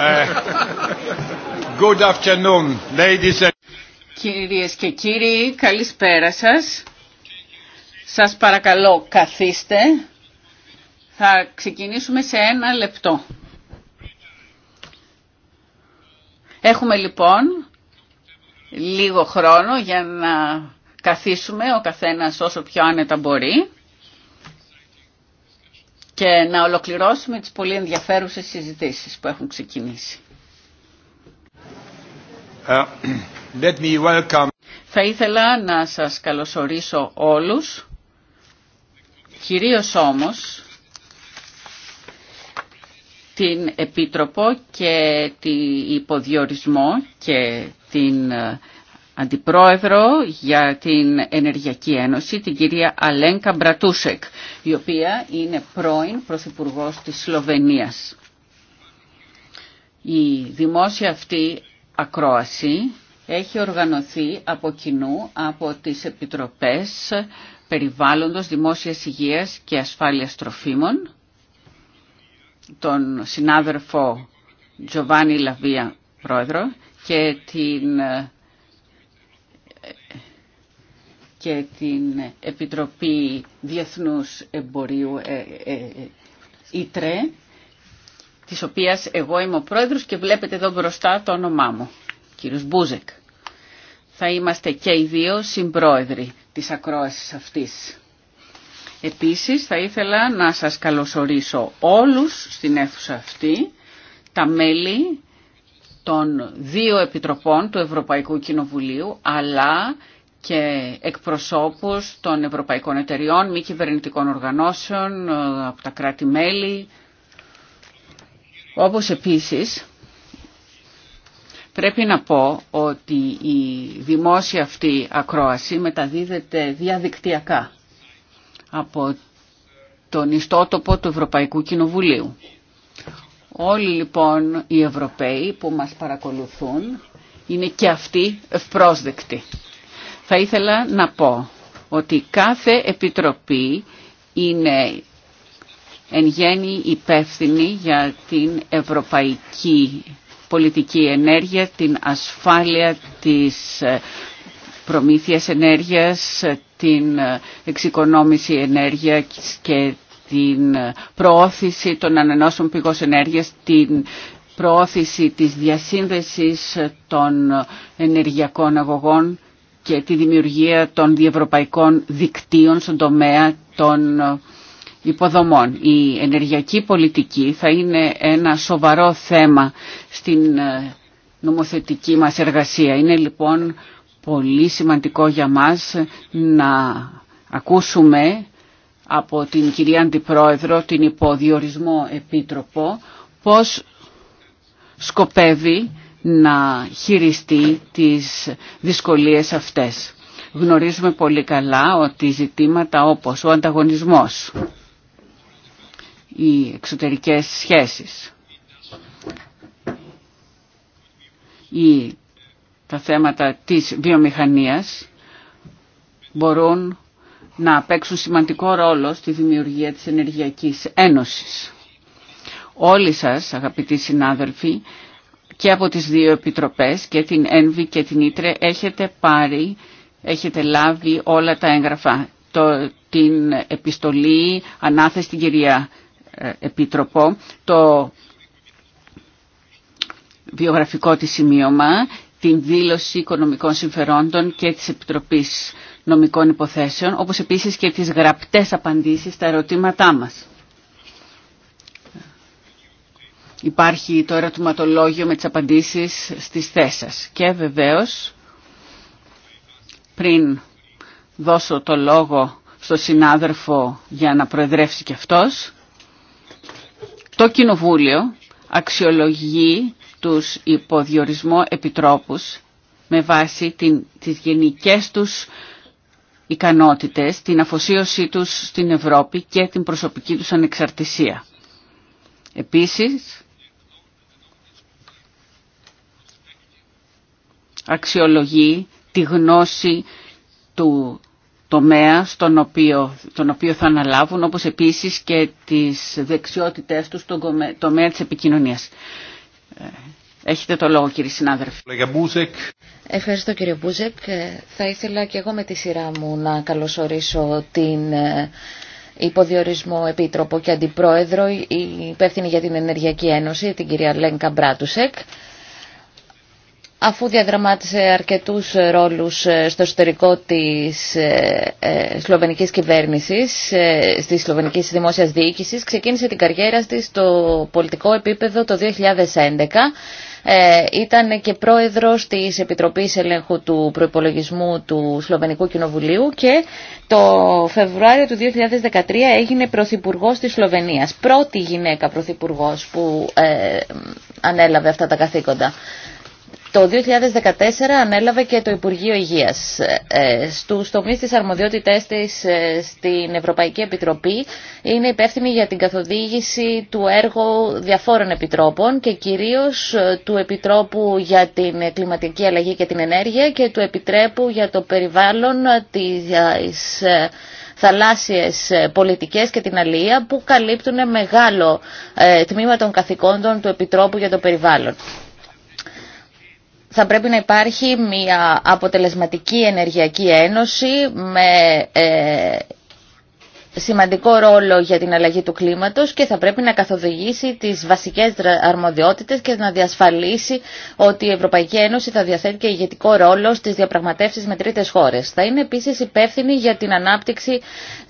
Ε, good Κυρίες και κύριοι, καλησπέρα σας. Σας παρακαλώ, καθίστε. Θα ξεκινήσουμε σε ένα λεπτό. Έχουμε λοιπόν λίγο χρόνο για να καθίσουμε ο καθένας όσο πιο άνετα μπορεί και να ολοκληρώσουμε τις πολύ ενδιαφέρουσες συζητήσεις που έχουν ξεκινήσει. Ε, welcome. Θα ήθελα να σας καλωσορίσω όλους, κυρίως όμως την Επίτροπο και την υποδιορισμό και την ε, Αντιπρόεδρο για την Ενεργειακή Ένωση, την κυρία Αλένκα Μπρατούσεκ, η οποία είναι πρώην Πρωθυπουργός της Σλοβενίας. Η δημόσια αυτή ακρόαση έχει οργανωθεί από κοινού από τις Επιτροπές Περιβάλλοντος Δημόσιας Υγείας και Ασφάλειας Τροφίμων, τον συνάδελφο Τζοβάνι Λαβία Πρόεδρο και την και την Επιτροπή Διεθνούς Εμπορίου Ήτρε, ε, ε, ε της οποίας εγώ είμαι ο πρόεδρος και βλέπετε εδώ μπροστά το όνομά μου, κύριος Μπούζεκ. Θα είμαστε και οι δύο συμπρόεδροι της ακρόασης αυτής. Επίσης θα ήθελα να σας καλωσορίσω όλους στην αίθουσα αυτή, τα μέλη των δύο επιτροπών του Ευρωπαϊκού Κοινοβουλίου, αλλά και εκπροσώπους των ευρωπαϊκών εταιριών, μη κυβερνητικών οργανώσεων, ε, από τα κράτη-μέλη, όπως επίσης πρέπει να πω ότι η δημόσια αυτή ακρόαση μεταδίδεται διαδικτυακά από τον ιστότοπο του Ευρωπαϊκού Κοινοβουλίου. Όλοι λοιπόν οι Ευρωπαίοι που μας παρακολουθούν είναι και αυτοί ευπρόσδεκτοι. Θα ήθελα να πω ότι κάθε επιτροπή είναι εν γέννη υπεύθυνη για την ευρωπαϊκή πολιτική ενέργεια, την ασφάλεια της ε, προμήθειας ενέργειας, ε, την ε, εξοικονόμηση ενέργειας και την προώθηση των ανανεώσιμων πηγών ενέργειας, την προώθηση της διασύνδεσης των ενεργειακών αγωγών και τη δημιουργία των διευρωπαϊκών δικτύων στον τομέα των ε, υποδομών. Η ενεργειακή πολιτική θα είναι ένα σοβαρό θέμα στην ε, νομοθετική μας εργασία. Είναι λοιπόν πολύ σημαντικό για μας να ακούσουμε από την κυρία Αντιπρόεδρο, την υποδιορισμό επίτροπο, πώς σκοπεύει να χειριστεί τις δυσκολίες αυτές. Γνωρίζουμε πολύ καλά ότι ζητήματα όπως ο ανταγωνισμός, οι εξωτερικές σχέσεις, ή τα θέματα της βιομηχανίας μπορούν να παίξουν σημαντικό ρόλο στη δημιουργία της Ενεργειακής Ένωσης. Όλοι σας, αγαπητοί συνάδελφοι, και από τις δύο επιτροπές και την ΕΝΒΙ και την Ήτρε έχετε πάρει, έχετε λάβει όλα τα έγγραφα. Το, την επιστολή ανάθεση στην κυρία ε, Επίτροπο, το βιογραφικό της σημείωμα, την δήλωση οικονομικών συμφερόντων και της Επιτροπής Νομικών Υποθέσεων, όπως επίσης και τις γραπτές απαντήσεις στα ερωτήματά μας. υπάρχει το ερωτηματολόγιο με τις απαντήσεις στις θέσεις Και βεβαίως, πριν δώσω το λόγο στο συνάδελφο για να προεδρεύσει και αυτός, το Κοινοβούλιο αξιολογεί τους υποδιορισμό επιτρόπους με βάση την, τις γενικές τους ικανότητες, την αφοσίωσή τους στην Ευρώπη και την προσωπική τους ανεξαρτησία. Επίσης, αξιολογεί τη γνώση του τομέα στον οποίο, τον οποίο θα αναλάβουν, όπως επίσης και τις δεξιότητές τους στον τομέα της επικοινωνίας. Ε, έχετε το λόγο κύριε συνάδελφοι. Ευχαριστώ κύριε Μπούζεκ. Θα ήθελα και εγώ με τη σειρά μου να καλωσορίσω την ε, υποδιορισμό επίτροπο και αντιπρόεδρο υπεύθυνη για την Ενεργειακή Ένωση, την κυρία Λένκα Μπράτουσεκ αφού διαδραμάτισε αρκετούς ρόλους ε, στο εσωτερικό της ε, ε, σλοβενικής κυβέρνησης, της σλοβενικής δημόσιας διοίκησης, ξεκίνησε την καριέρα της στο πολιτικό επίπεδο το 2011. Ήταν και πρόεδρος της Επιτροπής Ελέγχου του Προϋπολογισμού του Σλοβενικού Κοινοβουλίου και το Φεβρουάριο του 2013 έγινε Πρωθυπουργός της Σλοβενίας. Πρώτη γυναίκα Πρωθυπουργός που ανέλαβε αυτά τα καθήκοντα. Το 2014 ανέλαβε και το Υπουργείο Υγείας. Ε, Στους τομείς της αρμοδιότητές της ε, στην Ευρωπαϊκή Επιτροπή είναι υπεύθυνη για την καθοδήγηση του έργου διαφόρων επιτρόπων και κυρίως ε, του Επιτρόπου για την Κλιματική Αλλαγή και την Ενέργεια και του Επιτρέπου για το Περιβάλλον της θαλάσσιες πολιτικές και την αλία που καλύπτουν μεγάλο τμήμα των καθηκόντων του Επιτρόπου για το Περιβάλλον θα πρέπει να υπάρχει μια αποτελεσματική ενεργειακή ένωση με ε, σημαντικό ρόλο για την αλλαγή του κλίματος και θα πρέπει να καθοδηγήσει τις βασικές αρμοδιότητες και να διασφαλίσει ότι η Ευρωπαϊκή Ένωση θα διαθέτει και ηγετικό ρόλο στις διαπραγματεύσεις με τρίτες χώρες. Θα είναι επίσης υπεύθυνη για την ανάπτυξη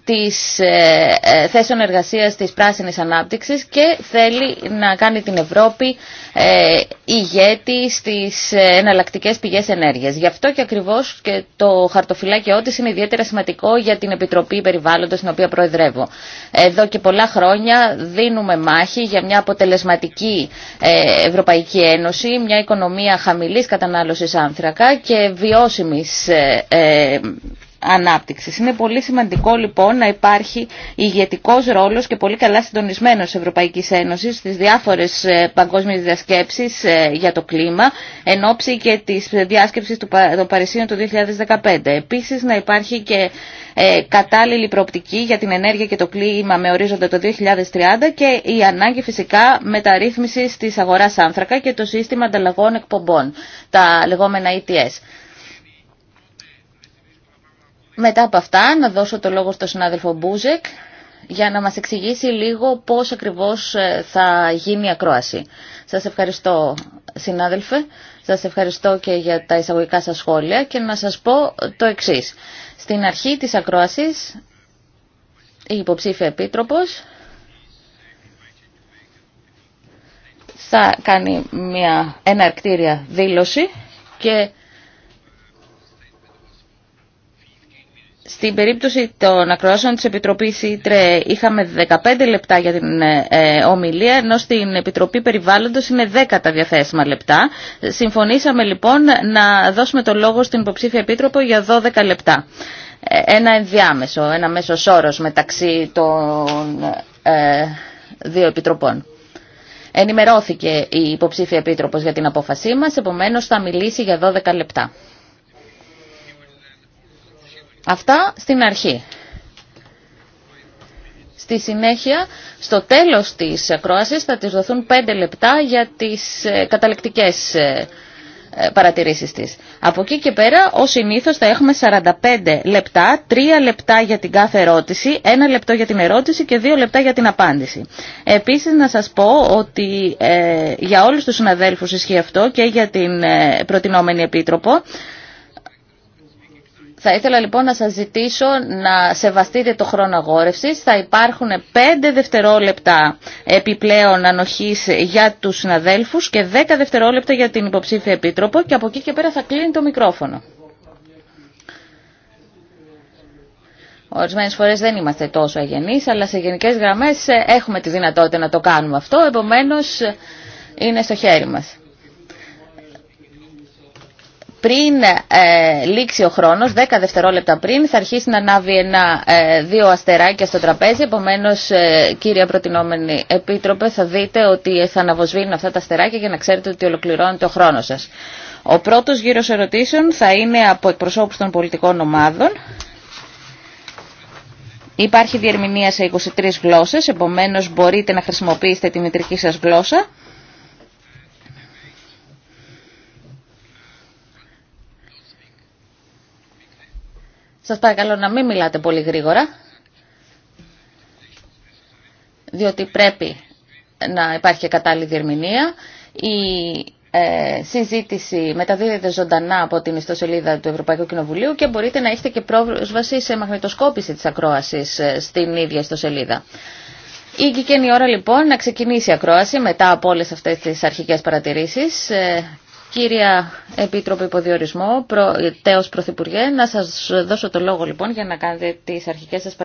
της ε, ε, θέσεων εργασίας της πράσινης ανάπτυξης και θέλει να κάνει την Ευρώπη ε, ηγέτη στις εναλλακτικές πηγές ενέργειας. Γι' αυτό και ακριβώς και το χαρτοφυλάκιό της είναι ιδιαίτερα σημαντικό για την Επιτροπή Περιβάλλοντος, στην οποία προεδρεύω. Εδώ και πολλά χρόνια δίνουμε μάχη για μια αποτελεσματική ε, Ευρωπαϊκή Ένωση, μια οικονομία χαμηλής κατανάλωσης άνθρακα και βιώσιμης ε, ε, ανάπτυξης. Είναι πολύ σημαντικό λοιπόν να υπάρχει ηγετικός ρόλος και πολύ καλά συντονισμένος Ευρωπαϊκής Ένωσης στις διάφορες ε, παγκόσμιες διασκέψεις ε, για το κλίμα εν ώψη και της διάσκεψης των Παρισίων του 2015. Επίσης να υπάρχει και ε, κατάλληλη προοπτική για την ενέργεια και το κλίμα με ορίζοντα το 2030 και η ανάγκη φυσικά μεταρρύθμισης της αγοράς άνθρακα και το σύστημα ανταλλαγών εκπομπών, τα λεγόμενα ETS. Μετά από αυτά να δώσω το λόγο στον συνάδελφο Μπούζεκ για να μας εξηγήσει λίγο πώς ακριβώς ε, θα γίνει η ακρόαση. Σας ευχαριστώ συνάδελφε, σας ευχαριστώ και για τα εισαγωγικά σας σχόλια και να σας πω το εξής. Στην αρχή της ακρόασης η υποψήφια επίτροπος θα κάνει μια εναρκτήρια δήλωση και Στην περίπτωση των ακροάσεων της Επιτροπής Ήτρε είχαμε 15 λεπτά για την ε, ομιλία, ενώ στην Επιτροπή Περιβάλλοντος είναι 10 τα διαθέσιμα λεπτά. Συμφωνήσαμε λοιπόν να δώσουμε το λόγο στην υποψήφια Επίτροπο για 12 λεπτά. Ε, ένα ενδιάμεσο, ένα μέσος όρος μεταξύ των ε, δύο επιτροπών. Ενημερώθηκε η υποψήφια επίτροπος για την απόφασή μας, επομένως θα μιλήσει για 12 λεπτά. Αυτά στην αρχή. Στη συνέχεια, στο τέλος της ακρόασης θα της δοθούν 5 λεπτά για τις ε, καταληκτικές ε, ε, παρατηρήσεις της. Από εκεί και πέρα, ως συνήθως, θα έχουμε 45 λεπτά, 3 λεπτά για την κάθε ερώτηση, 1 λεπτό για την ερώτηση και 2 λεπτά για την απάντηση. Επίσης, να σας πω ότι για όλους τους συναδέλφους ισχύει αυτό και για την προτινόμενη επίτροπο, θα ήθελα λοιπόν να σας ζητήσω να σεβαστείτε το χρόνο αγόρευσης. Θα υπάρχουν 5 δευτερόλεπτα επιπλέον ανοχής για τους συναδέλφους και 10 δευτερόλεπτα για την υποψήφια επίτροπο και από εκεί και πέρα θα κλείνει το μικρόφωνο. Ορισμένε φορέ δεν είμαστε τόσο αγενεί, αλλά σε γενικέ γραμμέ έχουμε τη δυνατότητα να το κάνουμε αυτό. Επομένω, είναι στο χέρι μας πριν ε, λήξει ο χρόνος, 10 δευτερόλεπτα πριν, θα αρχίσει να ανάβει ένα, ε, δύο αστεράκια στο τραπέζι. Επομένως, ε, κύρια προτινόμενη επίτροπε, θα δείτε ότι θα αναβοσβήνουν αυτά τα αστεράκια για να ξέρετε ότι ολοκληρώνεται ο χρόνος σας. Ο πρώτος γύρος ερωτήσεων θα είναι από εκπροσώπους των πολιτικών ομάδων. Υπάρχει διερμηνία σε 23 γλώσσες, επομένως μπορείτε να χρησιμοποιήσετε τη μητρική σας γλώσσα. Σας παρακαλώ να μην μιλάτε πολύ γρήγορα, διότι πρέπει να υπάρχει κατάλληλη διερμηνία. Η ε, συζήτηση μεταδίδεται ζωντανά από την ιστοσελίδα του Ευρωπαϊκού Κοινοβουλίου και μπορείτε να έχετε και πρόσβαση σε μαγνητοσκόπηση της ακρόασης ε, στην ίδια ιστοσελίδα. Ήγηκε η ώρα λοιπόν να ξεκινήσει η ακρόαση μετά από όλες αυτές τις αρχικές παρατηρήσεις ε, Κύρια Επίτροπε Υποδιορισμό, προ, τέος Πρωθυπουργέ, να σας δώσω το λόγο λοιπόν για να κάνετε τις αρχικές σας